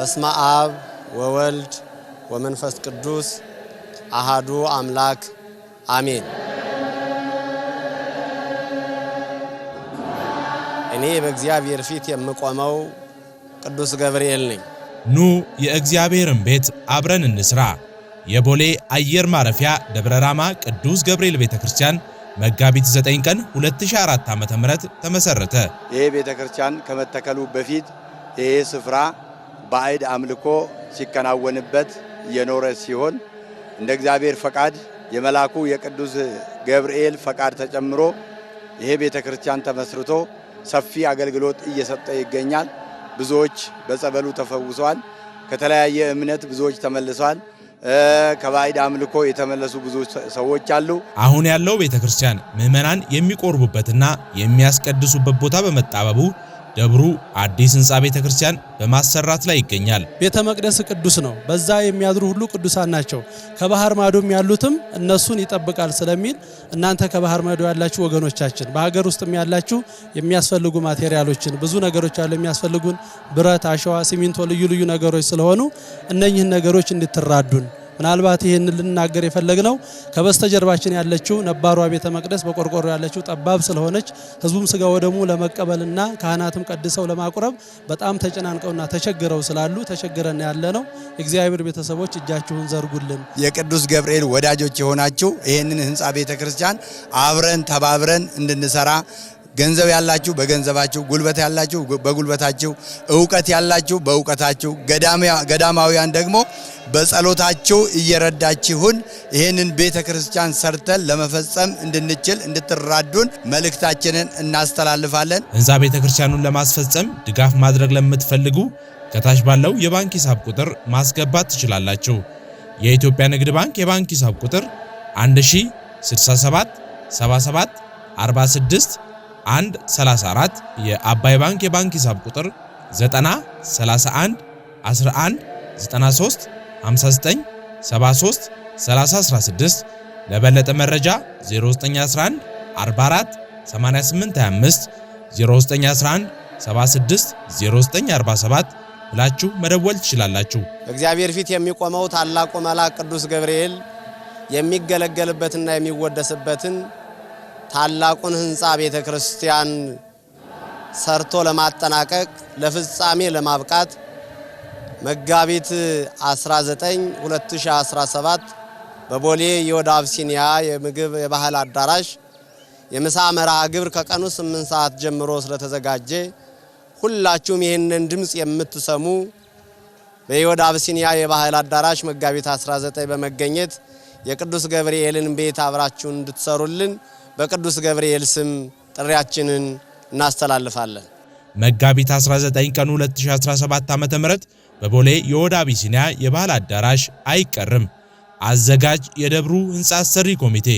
በስመ አብ ወወልድ ወመንፈስ ቅዱስ አሃዱ አምላክ አሜን። እኔ በእግዚአብሔር ፊት የምቆመው ቅዱስ ገብርኤል ነኝ። ኑ የእግዚአብሔርን ቤት አብረን እንስራ። የቦሌ አየር ማረፊያ ደብረ ራማ ቅዱስ ገብርኤል ቤተ ክርስቲያን መጋቢት 9 ቀን 2004 ዓ.ም ተመሰረተ። ይህ ቤተ ክርስቲያን ከመተከሉ በፊት ይህ ስፍራ ባዕድ አምልኮ ሲከናወንበት የኖረ ሲሆን እንደ እግዚአብሔር ፈቃድ የመልአኩ የቅዱስ ገብርኤል ፈቃድ ተጨምሮ ይሄ ቤተ ክርስቲያን ተመስርቶ ሰፊ አገልግሎት እየሰጠ ይገኛል። ብዙዎች በጸበሉ ተፈውሰዋል። ከተለያየ እምነት ብዙዎች ተመልሰዋል። ከባዕድ አምልኮ የተመለሱ ብዙ ሰዎች አሉ። አሁን ያለው ቤተ ክርስቲያን ምዕመናን የሚቆርቡበትና የሚያስቀድሱበት ቦታ በመጣበቡ ደብሩ አዲስ ህንፃ ቤተ ክርስቲያን በማሰራት ላይ ይገኛል። ቤተ መቅደስ ቅዱስ ነው። በዛ የሚያድሩ ሁሉ ቅዱሳን ናቸው። ከባህር ማዶም ያሉትም እነሱን ይጠብቃል ስለሚል እናንተ ከባህር ማዶ ያላችሁ ወገኖቻችን፣ በሀገር ውስጥም ያላችሁ የሚያስፈልጉ ማቴሪያሎችን ብዙ ነገሮች አሉ የሚያስፈልጉን ብረት፣ አሸዋ፣ ሲሚንቶ፣ ልዩ ልዩ ነገሮች ስለሆኑ እነኚህን ነገሮች እንድትራዱን ምናልባት ይህን ልናገር የፈለግነው ከበስተጀርባችን ያለችው ነባሯ ቤተ መቅደስ በቆርቆሮ ያለችው ጠባብ ስለሆነች ህዝቡም ስጋ ወደሙ ለመቀበልና ካህናትም ቀድሰው ለማቁረብ በጣም ተጨናንቀውና ተቸግረው ስላሉ ተቸግረን ያለ ነው። እግዚአብሔር ቤተሰቦች እጃችሁን ዘርጉልን። የቅዱስ ገብርኤል ወዳጆች የሆናችሁ ይህንን ህንፃ ቤተ ክርስቲያን አብረን ተባብረን እንድንሰራ ገንዘብ ያላችሁ በገንዘባችሁ፣ ጉልበት ያላችሁ በጉልበታችሁ፣ እውቀት ያላችሁ በእውቀታችሁ፣ ገዳማውያን ደግሞ በጸሎታችሁ እየረዳችሁን ይህንን ቤተ ክርስቲያን ሰርተን ለመፈጸም እንድንችል እንድትራዱን መልእክታችንን እናስተላልፋለን። ህንፃ ቤተ ክርስቲያኑን ለማስፈጸም ድጋፍ ማድረግ ለምትፈልጉ ከታች ባለው የባንክ ሂሳብ ቁጥር ማስገባት ትችላላችሁ። የኢትዮጵያ ንግድ ባንክ የባንክ ሂሳብ ቁጥር 1ሺ67 77 46 1 34 የአባይ ባንክ የባንክ ሂሳብ ቁጥር 90 31 11 93 59 73 30 16 ለበለጠ መረጃ 0911 44 88 25 0911 76 0947 ብላችሁ መደወል ትችላላችሁ። እግዚአብሔር ፊት የሚቆመው ታላቁ መልአክ ቅዱስ ገብርኤል የሚገለገልበትና የሚወደስበትን ታላቁን ህንፃ ቤተ ክርስቲያን ሰርቶ ለማጠናቀቅ ለፍጻሜ ለማብቃት መጋቢት 19 2017 በቦሌ የወደ አብሲኒያ የምግብ የባህል አዳራሽ የምሳ መርሃ ግብር ከቀኑ 8 ሰዓት ጀምሮ ስለተዘጋጀ ሁላችሁም ይህንን ድምፅ የምትሰሙ በየወደ አብሲኒያ የባህል አዳራሽ መጋቢት 19 በመገኘት የቅዱስ ገብርኤልን ቤት አብራችሁን እንድትሰሩልን በቅዱስ ገብርኤል ስም ጥሪያችንን እናስተላልፋለን። መጋቢት 19 ቀን 2017 ዓ.ም በቦሌ የወዳ አቢሲኒያ የባህል አዳራሽ አይቀርም። አዘጋጅ የደብሩ ሕንፃ አሰሪ ኮሚቴ